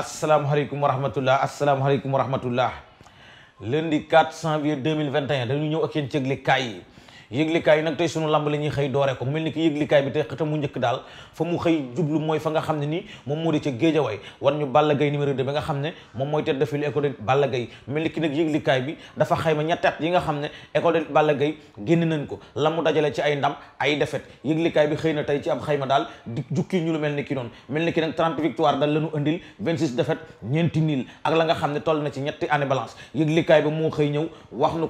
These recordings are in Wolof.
asalaamaaleykum wa rahmatullah asalaamaaleykum wa rahmatullah lundi 4 janvier 2021 dañu ñëw ak yéen ci yëgle kaay yi yëglikaay yi nag tey sunu lamb la ñuy xëy doore ko mel ni ki yëglikaay bi tey xëta mu njëkk daal fa mu xëy jublu mooy fa nga xam ne nii moom moo di ca géejawaay war ñu Balla Gaye numéro 2 nga xam ne moom mooy tête de file école de Balla Gaye mel ni ki nag yëglikaay bi at yi nga xam ne école de Balla Gaye génn nañ ko la mu dajale ci ay ndam ay defet yëglikaay bi xëy na tey ci am xayma daal di jukki ñu lu mel ni ki noonu mel ni ki nag 30 victoire daal lañu indil 26 defet ñeenti niil ak la nga xam ne toll na ci ñetti année balance yëglikaay bi moo xëy ñëw wax nu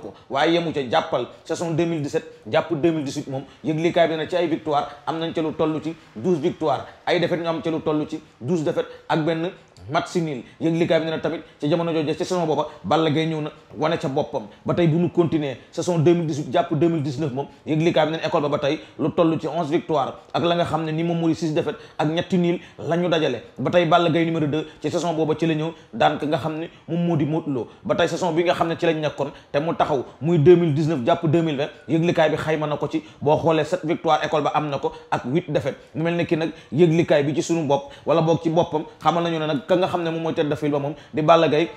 2017 jàpp 2018 moom yëglikaay bi ne ci ay victoire am nañ ca tollu ci 12 victoire ay défaite ñu am ca lu toll ci 12 défaite ak benn mat si niil yëg likaay bi ne na tamit ci jamono jooju ci saison booba Balla Gaye ñëw na wane ca boppam ba tey bu ñu continuer saison 2018 jàpp 2019 moom yëg likaay bi ne na école ne ni moom mooy six te mu taxaw muy 2019 jàpp 2020 yëglikaay bi xayma na ko ci boo xoolee sept victoire école ba am na ko ak huit défaites mu mel ne ki nag yëglikaay bi ci sunu bopp wala boog ci boppam xamal nañu ne nag nga xam ne moom mooy tête de file ba moom di Balla Gaye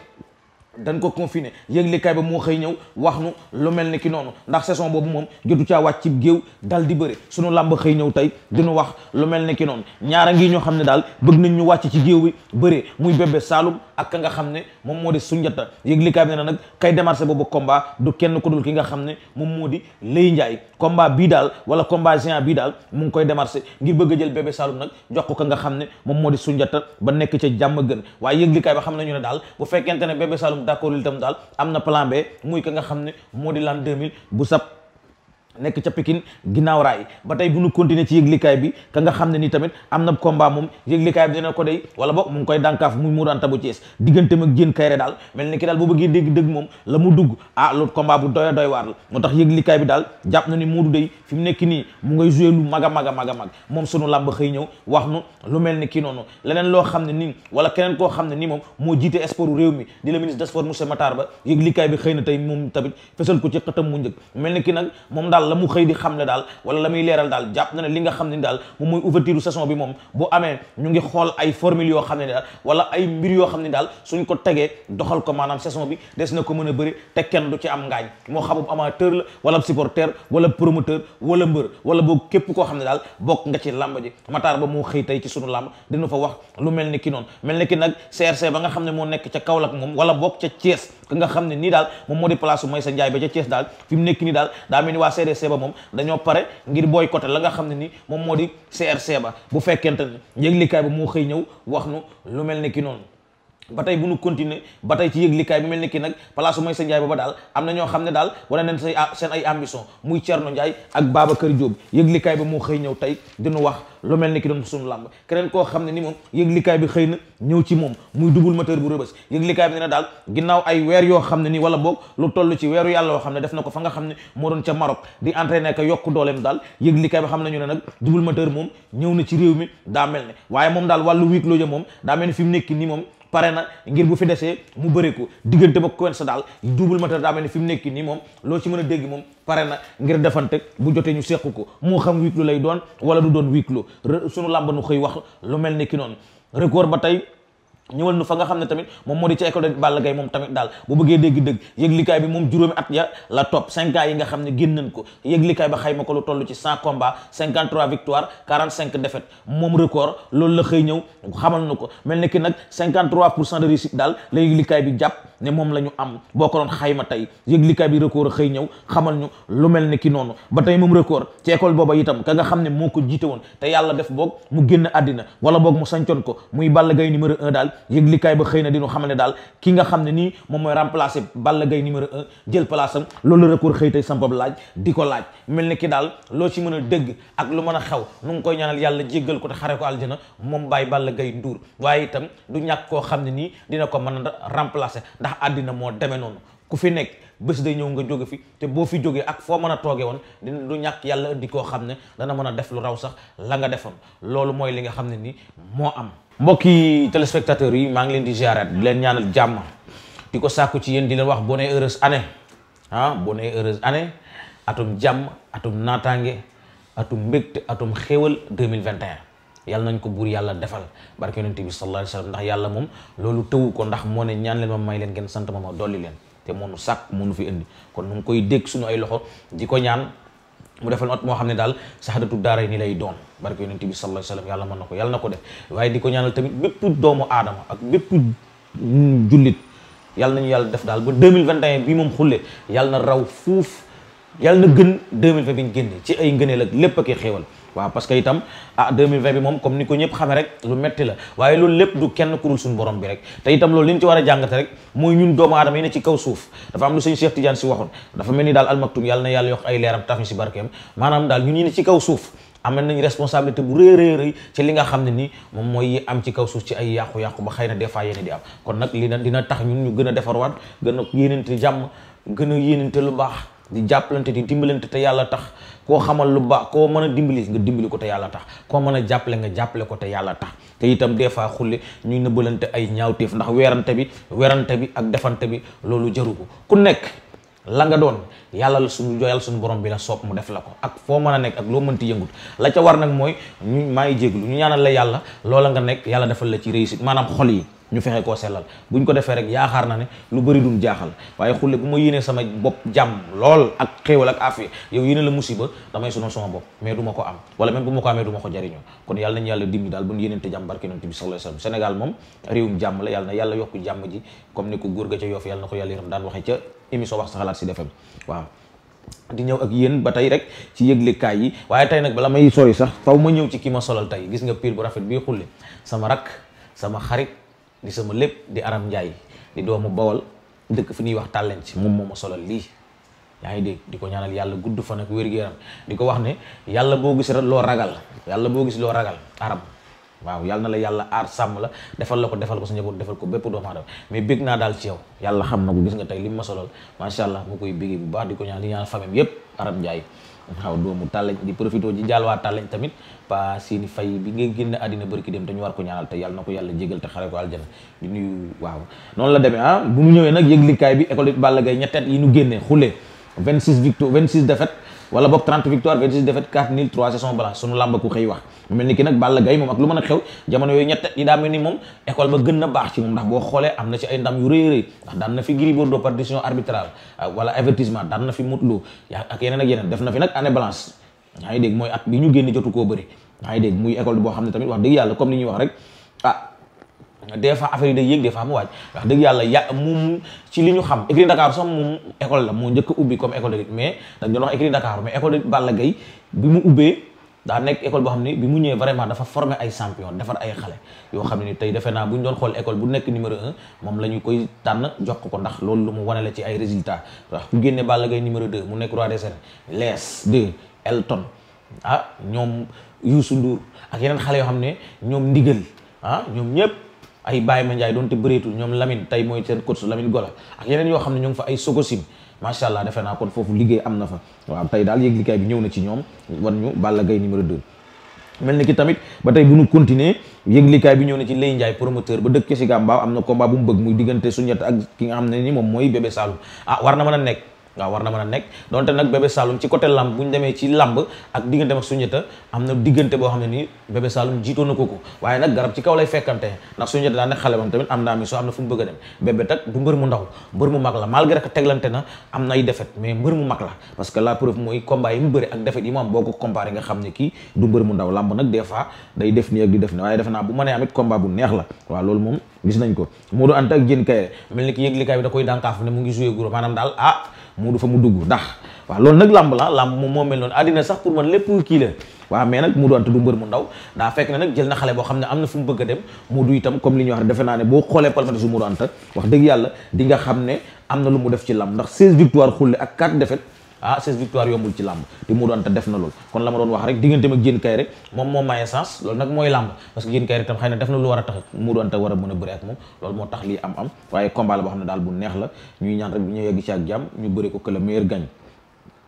dañ ko confiné yëglekaay ba moo xëy ñëw wax nu lu mel ni ki noonu ndax saison boobu moom jotu caa wàcc cib géew dal di bëre sunu làmb xëy ñëw tey dinu wax lu mel ni ki noonu ñaara ngi ñoo xam ne daal bëgg nañ ñu wàcc ci géew bi bëre muy bébé Saloum ak ka nga xam ne moom moo di Sunjata yëglekaay bi ne nag kay démarché boobu combat du kenn ku dul ki nga xam ne moom moo di Lay Njaay combat bii daal wala combat géant bii daal mu ngi koy démarché ngir bëgg jël bébé Saloum nag jox ko nga xam ne moom moo di Sunjata ba nekk ca jàmm gën waaye yëglekaay ba xam nañu ne daal bu fekkente ne bébé Saloum itam d'accordul itam daal am na plan B muy ka nga xam ne moo di l'an 2000 bu sab nekk ca Pikine ginnaaw raay ba tey bu ñu continuer ci yëglikaay bi ka nga xam ne ni tamit am na combat moom yëglikaay bi dina ko dey wala boog mu ngi koy dànkaaf muy muranta bu Thiès digganteem ak Diène Kairé daal mel ni ki daal boo bëggee dégg dëgg moom la mu dugg ah loolu combat bu doy doy waar la moo tax yëglikaay bi daal jàpp na ni Modou dey fi mu nekk nii mu ngay joué lu mag a mag a mag a mag moom sunu làmb xëy ñëw wax nu lu mel ni ki noonu leneen loo xam ne nii wala keneen koo xam ne nii moom moo jiite sport réew mi di la ministre des sports monsieur la mu xëy di xam ne daal wala la muy leeral daal jàpp na ne li nga xam ne ay formule yoo xam ne ni wala ay mbir yoo xam ne ni daal suñ ko tegee doxal ko maanaam saison bi des na ko mën a bëri te kenn du ci am moo xamub amateur la wala supporter wala promoteur wala mbër wala boo képp koo xam ne daal bokk nga ci làmb ji mataar ba moo xëy tey ci sunu làmb dina fa wax lu mel ni ki noonu mel ni ki nag CRC ba nga xam ne moo nekk ca Kaolack moom wala bokk ca Thiès ka nga xam ne nii daal moom moo di place bu sa Njaay ba ca cees daal fi mu nii daal daa mel ni waa CRC CRC ba moom dañoo pare ngir boycotté la nga xam ne ni moom moo di CRC ba bu fekkente ne yëglikaay ba moo xëy ñëw wax nu lu mel ne ki noonu ba tey bu nu continuer ba tey ci yëglikaay bi mel ni ki nag palaasu Maysa Njaay booba daal am na ñoo xam ne daal wane nañ say ah, seen ay ambition muy Thierno Ndiaye ak Babacar Diop yëglikaay bi mu xëy ñëw tey dinu wax lu mel ni ki doon suñu làmb keneen koo xam ne ni moom yëglikaay bi xëy na ñëw ci moom muy double moteur bu rëbës yëglikaay bi ne na daal ginnaaw ay weer yoo xam ne nii wala boog lu toll ci weeru yàlla yoo xam ne def na ko fa nga xam ne moo doon ca Maroc di entraîner ka yokku dooleem daal yëglikaay bi xam nañu ne nag double moteur moom ñëw na ci réew mi daa mel ne waaye moom daal wàllu wiik looja moom fi mu nekk nii moom pare na ngir bu fi desee mu bëri ko diggante ba sa daal double moteur daa mel ni fi mu nekk nii moom loo ci mën a dégg moom pare na ngir defante bu jotee ñu seq ko moo xam huis clos lay doon wala du doon huis clos sunu làmb nu xëy wax lu mel ni ki noonu record ba tey ñëwal na fa nga xam ne tamit moom moo di ca école de Balla Gaye moom tamit daal bu bëggee dégg-dëgg yëglikaay bi moom juróomi at ya la topp cinq yi nga xam ne génn nañ ko yëglikaay ba xayma ko lu toll ci cent combats cinquante trois victoires quarante cinq defet moom record loolu la xëy ñëw xamal na ko mel ni ki nag cinquante trois pour cent de réussite daal la yëglikaay bi jàpp ne moom la ñu am boo ko doon xayma tey yëglikaay bi record xëy ñëw xamal ñu lu mel ni ki noonu ba tey moom record ci booba itam ka nga xam ne moo ko jiite woon te yàlla def boog mu génn àddina wala boog mu sancoon ko muy Balla gay numéro un daal yëglikaay xëy na dinu xamal ne daal ki nga xam ne nii moom mooy remplacer Balla Gaye numéro jël place am loolu record xëy tey sampab laaj di ko laaj mel ni ki daal loo ci mën a dégg ak lu mën a xew nu ngi koy ñaanal yàlla jéggal ko te xare ko aljana moom baay Balla gay nduur waaye itam du ñàkk koo xam ne nii dina ko mën a remplacer ndax moo demee noonu ku fi nekk bés day ñëw nga jóge fi te boo fi jógee ak foo mën a toogee woon di du ñàkk yàlla di koo xam ne dana mën a def lu raw sax la nga defoon loolu mooy li nga xam ne nii moo am mbokki téléspectateurs yi maa ngi leen di ziarat leen ñaanal jàmm di ko sàkku ci yéen di leen wax bonne heureuse année ah bonne heureuse année atum jàmm atum naataange atum mbégte atum xéewal 2021 yàlla nañ ko buur yàlla defal barke yonente bi sallallahu alayhi wasallam ndax yàlla moom loolu tëwu ko ndax moo ne ñaan leen ma may leen ngeen sant ma ma dolli leen te moonu sàkk moonu fi indi kon nu ngi koy dégg suñu ay loxo di ko ñaan mu defal ot moo xam ne daal saxadatu daara ni lay doon barke yonente bi sallallahu alayhi wasallam yàlla mën na ko yàlla na ko def waaye di ko ñaanal tamit bépp doomu aadama ak bépp jullit yàlla nañu yàlla def daal ba 2021 bi moom xulle na raw yàlla na gën 2020 bi ñu génne ci ay ngëneel ak lépp ak xéewal waaw parce que itam ah 2020 bi moom comme ni ko ñëpp xamee rek lu metti la waaye loolu lépp du kenn ku dul suñu borom bi rek te itam loolu li ñu rek mooy ñun doomu aadama yi ne ci kaw suuf dafa am lu sëñ Cheikh Tidiane si waxoon dafa mel ni daal almaktum yàlla na yàlla yokk ay leeram taf ñu si barkeem maanaam daal ñun ñi ne ci kaw suuf am nañ responsabilité bu rëy rëy ci li nga xam ne nii moom mooy am ci kaw suuf ci ay yàqu-yàqu ba xëy na des fois yéene kon nag li na dina tax ñun ñu gën a defarwaat gën a yéenante jàmm gën a yéenante lu baax di jàppalante di dimbalante te yàlla tax koo xamal lu baax koo mën a dimbali nga dimbali ko te yàlla tax koo mën a jàppale nga jàppale ko te yàlla tax te itam des fois xulle ñuy nëbbalante ay ñaawteef ndax weerante bi weerante bi ak defante bi loolu jaru ko ku nekk la nga doon yàlla la suñu joyal suñu borom bi la soob mu def la ko ak foo mën a nekk ak loo mënti yëngut la ca war nag mooy ñu maa ngi jéglu ñu ñaanal la yàlla loola nga nekk yàlla defal la ci réussite maanaam xol yi ñu fexe koo sellal ñu ko defee rek yaakaar na ne lu bëri dum jaaxal waaye xulle bu ma yéenee sama bopp jàmm lool ak xéewal ak afiya yow yéene la musiba damay sunal sama bopp mais du ma ko am wala même ko amee du ma jariñoo kon yàlla nañ dimbi daal buñ yéneente jàmm barke yonent bi sallallahu alayhi wasallam Sénégal moom réewum la yàlla na yàlla yokk jàmm ji comme ni ko góor ga ca yoof yàlla na ko yàlla yërëm daan waxee ca émission wax sa xalaat si defem waaw di ñëw ak yéen ba tey rek ci yëglekaay yi waaye tey nag bala may sori sax faw ma ñëw ci ki ma solal tey gis nga piir bu rafet bii xulle sama rak sama xarit di sama lépp di Aram Ndiaye di doomu bawal dëkk fi ñuy wax tàllen ci moom moo ma solal lii yaa ngi dégg di ko ñaanal yàlla gudd fan ak wér-gu-yaram di ko wax ne yàlla boo gis loo ragal yàlla boo gis loo ragal aram waaw yàlla na la yàlla aar sàmm la defal la ko defal ko sa njaboot defal ko bépp doomu aadama mais bég naa daal ci yow yàlla xam na ko gis nga tey li mu ma solal macha allah moo koy bégee bu baax di ko ñaanal di ñaanal famille yépp aram njaay waaw doomu tàllañ di profito ji jaal waa tàllañ tamit pa seeni fay bi nga génn àddina bërki dem dañu war ko ñaanal te yàlla na ko yàlla jégal te xare ko aljana di nuyu waaw noonu la demee ah bu mu ñëwee nag yëglikaay bi école Balla Gaye ñetteet yi ñu génnee xule 26 victoire 26 défaite wala boog 30 victoire 26 défaites 4 nul 3 saison blanche sunu làmb ku xëy wax mu mel ni ki nag Balla Gaye moom ak lu mën a xew jamono yooyu ñett yi daa mel ni moom école ba gën na baax ci moom ndax boo xoolee am na ci ay ndax daan na ah, yaa ak yeneen ak yeneen def na fi nag année blanche yaa ngi dégg mooy ñu génn jotu koo bëri yaa ngi école boo xam ne tamit wax dëgg yàlla comme li ñuy wax rek ah, des fois affaire yi day yéeg des fois mu wàcc wax dëgg yàlla ya moom ci li ñu xam écurie Dakar sax moom école la moo njëkk ubbi comme école de mais dañ doon wax écurie Dakar mais école de Balla Gaye bi mu ubbee daa nekk école boo xam ne bi mu ñëwee vraiment dafa former ay champion defar ay xale yoo xam ne ni tey defe naa bu ñu doon xool école bu nekk numéro un moom la ñu koy tànn jox ko ndax loolu lu mu wane la ci ay résultats ndax ku génne Balla Gaye numéro 2 mu nekk roi des arènes les 2 Elton ah ñoom Youssou Ndour ak yeneen xale yoo xam ne ñoom ndigal ah ñoom ñëpp ay Baye Mandiaye doonte bëreetul ñoom Lamine tey mooy seen coach Lamine Gola ak yeneen yoo xam ne ñu ngi fa ay Sokosim macha allah defe naa kon foofu liggéey am na fa waaw tey daal yëg likaay bi ñëw na ci ñoom war ñu Balla Gaye numéro 2 mel ni ki tamit ba tey bu ñu continuer yëglikaay bi ñëw na ci Lay Ndiaye promoteur ba dëkk ci Gambaaw am na combat bu mu bëgg muy diggante suñet ak ki nga xam ne ni moom mooy bébé Saloum ah war na mën a nekk waaw war na mën a nekk donte nag bébé Saloum ci côté lamb bu ñu demee ci lamb ak diggante ak Sunjata am na diggante boo xam ne nii bébé Saloum jiitoon na ko waaye nag garab ci kaw lay fekkante ndax Sunjata daa xale moom mu bëgg la malgré que teglante na am na la parce la preuve mooy combat yi mu bëri ak défaite yi mu am boo ne amit combat bu neex la waaw loolu moom gis nañ ko Modou Anta ak Diène Kaïré mel ni ki yëglikaay bi da koy dànkaafu ne mu ngi joué guro maanaam daal ah mu du fa mu dugg ndax waaw loolu nag làmb la làmb moom moo mel noonu àddina sax pour man lépp kii la waaw mais nag mu doon te du mbër mu ndaw daa fekk na nag jël na xale boo xam ne am na fu mu bëgg a dem mu du itam comme li ñuy wax defe naa ne boo xoolee palmarès su mu doon anta wax dëgg yàlla dinga xam ne am na lu mu def ci làmb ndax 16 victoire xulle ak 4 défaites ah 16 victoire yombul ci làmb di mu doon te def na loolu kon la ma doon wax rek diggante ma Diène Kaïré moom moom maye sens loolu nag mooy làmb parce que Diène Kaïré tam xëy na def na lu war a tax mu doon te war a mën a ak moom loolu moo tax lii am am waaye combat la xam ne daal bu neex la ñuy ñaan rek ñu yegg ci ak jàmm ñu bëri ko que le meilleur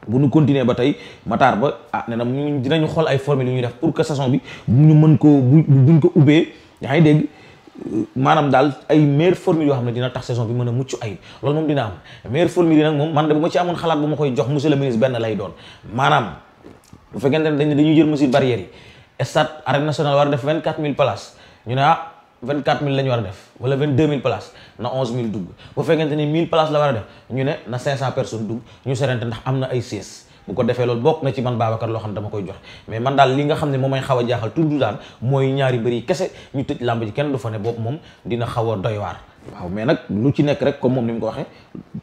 bu ñu continuer ba tey Matar ba ah nee na dinañu xool ay formule yu ñuy def pour que saison bi maanaam daal ay meilleure formule yoo xam ne dina tax saison bi mën a mucc ay loolu moom dina am meilleure formule yi nag moom man de bu ma ci amoon xalaat bu ma koy jox monsieur le ministre benn lay doon maanaam bu fekkente ne dañ dañuy jël mesure barrière yi stade arène nationale war a def vingt quatre mille places ñu ne ah vingt quatre mille la war a def wala vingt deux mille places na onze mille dugg bu fekkente ni mille places la war a def ñu ne na cinq cent personnes dugg ñu am na ay bu ko defee loolu bokk na ci man Babacar loo xam ne dama koy joxe mais man daal li nga xam ne moom may xaw a jaaxal tudd daal mooy ñaari bëri kese ñu tëj làmb ji kenn du fa ne boobu moom dina xaw a doy waar waaw mais nag lu ci nekk rek comme moom ni mu ko waxee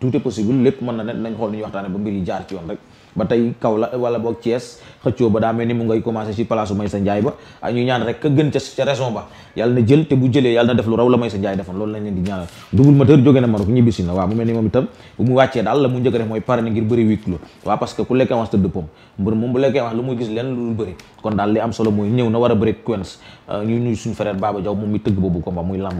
tout est possible lépp mën na ne nañ xool ni ñu waxtaane ba mbir jaar ci yoon rek ba tey kaw la wala boog Thiès xëccoo ba daa mel ni mu ngay commencé ci place may sa njaay ba ak ñaan rek ka gën ca raison ba yàlla na jël te bu jëlee yàlla na def lu raw la may sa njaay defoon loolu la mu njëkk a mooy pare na ngir bëri huis clos waaw parce ku lekkee wax tëdd pom mbër moom bu lekkee wax lu muy gis leen lu bëri kon daal li am solo mooy ñëw na war a bëri Queens euh, ñu ñuy suñu frère Baba Diaw moom mi tëgg boobu combat muy lamb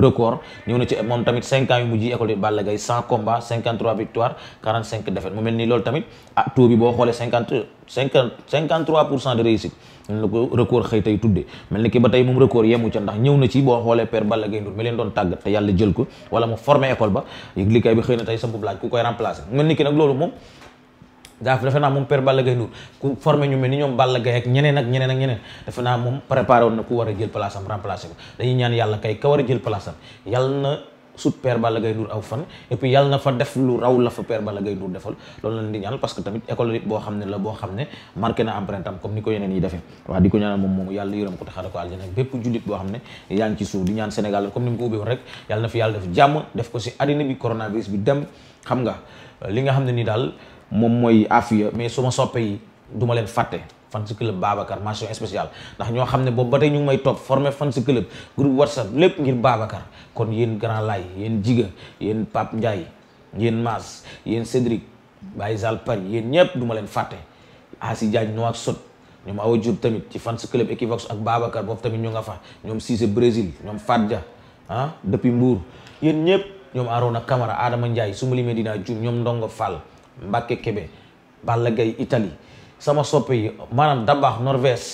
record ñëw na ci moom tamit 5 ans yu mujj école de Balla Gaye 100 combats 53 victoires 45 défaites mu mel nii loolu tamit ah taux boo xoolee 50 50 53 pour cent de réussite ñu la ba tey moom record yemu ca ndax ñëw na ci boo xoolee père Balla Gaye Ndour mi leen doon tàggat te yàlla jël ko wala mu formé école ba yëg liggéey bi xëy na tey sa boobu ku koy remplacer mel ni ki nag loolu moom daaf defe naa moom père Balla Gaye ku formé ñu mel ni ñoom Balla Gaye ak ñeneen ak ñeneen ak ñeneen defe naa moom préparé woon na ku war a jël place am ko dañuy ñaan yàlla kay ka war a jël place yàlla na sut père Balla Gaye Ndour fan et yàlla na fa def lu raw la fa père Balla Gaye Ndour defal loolu lañ di parce que tamit école boo xam ne la boo xam ne marqué na empreinte am comme ni ko yeneen yi defee waaw di ko ñaanal moom moom moom mooy afiya mais suma soppe yi duma leen fàtte fan si club Babacar mention spéciale ndax ñoo xam ne boobu ba tey ñu may topp formé fan si club groupe whatsapp lépp ngir Babacar kon yéen grand lay yéen jiga yéen Pape Ndiaye yéen Mas yéen Cédric Baye Zal Paris yéen ñëpp du leen fàtte Asi Diagne noo ak sot ñoom Awa Diop tamit ci fan si club Equivox ak Babacar boobu tamit ñu nga fa ñoom Cissé Brésil ñoom Fadja ah depuis mbuur yéen ñëpp ñoom Arona Camara Adama Ndiaye su ma limee dinaa jum ñoom Ndongo Fall Mbacke Kébé Balla Gaye Italie sama sopp yi maanaam Dabaax Norvège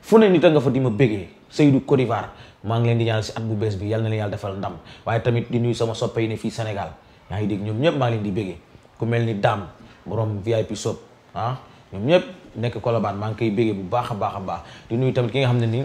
fu ne nit a nga fa di ma bégee Seydou Côte d'Ivoire maa ngi leen di ñaanal si at bu bees bi yal na leen yàlla defal ndam waaye tamit di nuy sama soppe yi ne fii Sénégal yaa ngi dégg ñoom ñëpp maa ngi leen di bégee ku mel ni Dame borom VIP Shop ah ñoom ñëpp nekk Colobane maa ngi koy bégee bu baax a baax a baax di nuyu tamit ki nga xam ne nii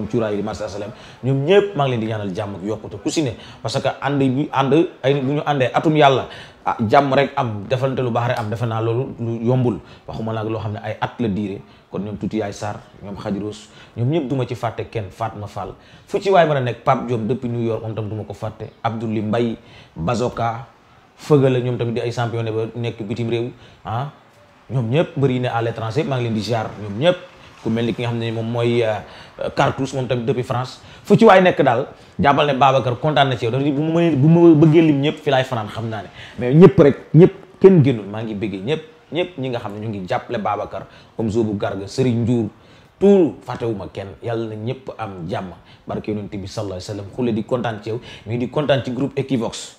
borom cuuraay di marché asalem ñoom ñëpp maa ngi leen di ñaanal jàmm yokkute ku si ne parce que ànd bi ay bu ñu àndee atum yàlla ah, jàmm rek am defalante lu baax rek am defe naa loolu lu yombul waxuma nag loo xam ne ay at la diire kon ñoom tuuti yaay Sarr ñoom xajiroos ñoom ñëpp duma ci fàtte kenn Fatma Fall fu ci waay mën a nekk Pape Diop depuis New York moom tam duma ko fàtte Abdoulaye Mbaye Bazoka fëgala ñoom tamit di ay champion ba nekk bitim réew ah ñoom ñëpp mbër yi ne à l'étranger maa ngi di ziar ku mel ni ki nga xam ne moom mooy euh, Cartouche moom tamit depuis France fu ci waay nekk daal jàppal ne kontaan na ci yow bu ma bu ma bëggee lim ñëpp fi laay fanaan xam naa ne mais ñëpp rek ñëpp kenn génnul maa ngi bëggee ñëpp ñëpp ñi nga xam ne ñu ngi jàppale Babacar comme Zoubu Garga Serigne Ndiour tout fàttewuma kenn yàlla na ñëpp am jàmm barke yonent bi sallallahu alayhi wasallam xule di kontaan ci yow di kontaan ci groupe Equivox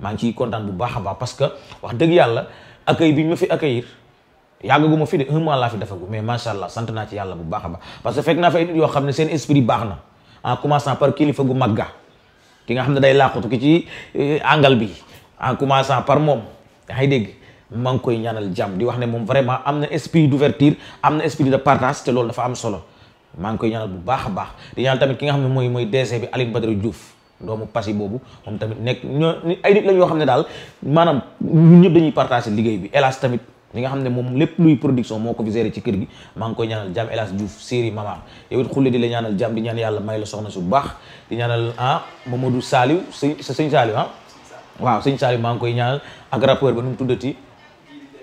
maa ngi ciy kontaan bu baax a baax parce yàlla yàggaguma fi de un mois laa fi defagu mais macha allah sant naa ci yàlla bu baax a baax parce que fekk naa fa ay nit yoo xam ne gu magga ki nga xam ne day làqutu ki ci eh, angal bi en commençant par moom dangay dégg maa koy ñaanal jàmm di wax ne moom vraiment am na esprit d'ouverture am na esprit de loolu dafa am solo maa ngi koy bu baax a baax di ñaanal ki nga xam ne mooy mooy DG bi Aline Badara Diouf moom tamit nekk ñoo xam ne daal maanaam ñun ñëpp dañuy partager liggéey bi hélas tamit ni nga xam ne moom lépp luy production moo ko fi ci kër gi maa ngi koy ñaanal jàmm Elas Diouf série Mamar yow it xulle di la ñaanal jàmm di ñaan yàlla may la soxna su baax di ñaanal ah Mamadou Saliou sëñ sa sëñ Saliou ah waaw sëñ Saliou maa ngi koy ñaanal ak rappeur ba nu mu tuddati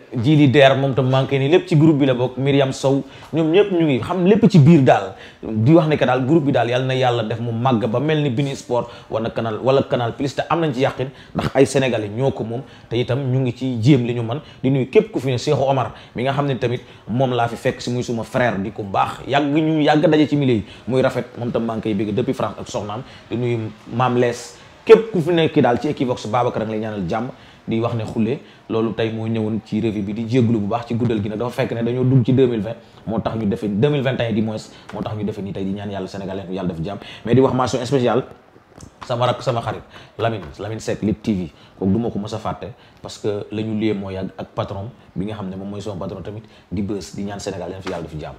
Jili Der moom tam manqué nii lépp ci groupe bi la bokk Myriam Sow ñoom ñëpp ñu ngi xam lépp ci biir daal di wax ne que daal group bi daal yàlla na yàlla def mu màgg ba mel ni Bini Sport wala canal wala canal plus te am nañ ci yàqin ndax ay sénégalais ñoo ko moom te itam ñu ngi ci jéem li ñu man di nuyu képp ku fi ne Cheikhou Omar mi nga xam ne tamit moom laa fi fekk si muy suma frère di ko baax yàgg ñu yàgg daje ci milieu yi muy rafet moom tam manqué bégg depuis France ak soxnaam di Maam Lees képp ku fi nekk daal ci Equivox Babacar a jàmm di wax ne xulle loolu tey moo ñëwoon ci revue bi di jéglu bu baax ci guddal gi nag dafa fekk ne dañoo dugg ci 2020 moo tax ñu defe 2021 di moins moo tax ñu defe nii tey di ñaan yàlla Sénégal leen yàlla def jàmm mais di wax mention spéciale sama rak sama xarit Lamine Lamine Seck Lit TV kooku du ma ko mës a fàtte parce que la ñu liyee moo yàgg ak patron bi nga xam ne moom mooy sama patron tamit di bës di ñaan Sénégal leen fi yàlla def jàmm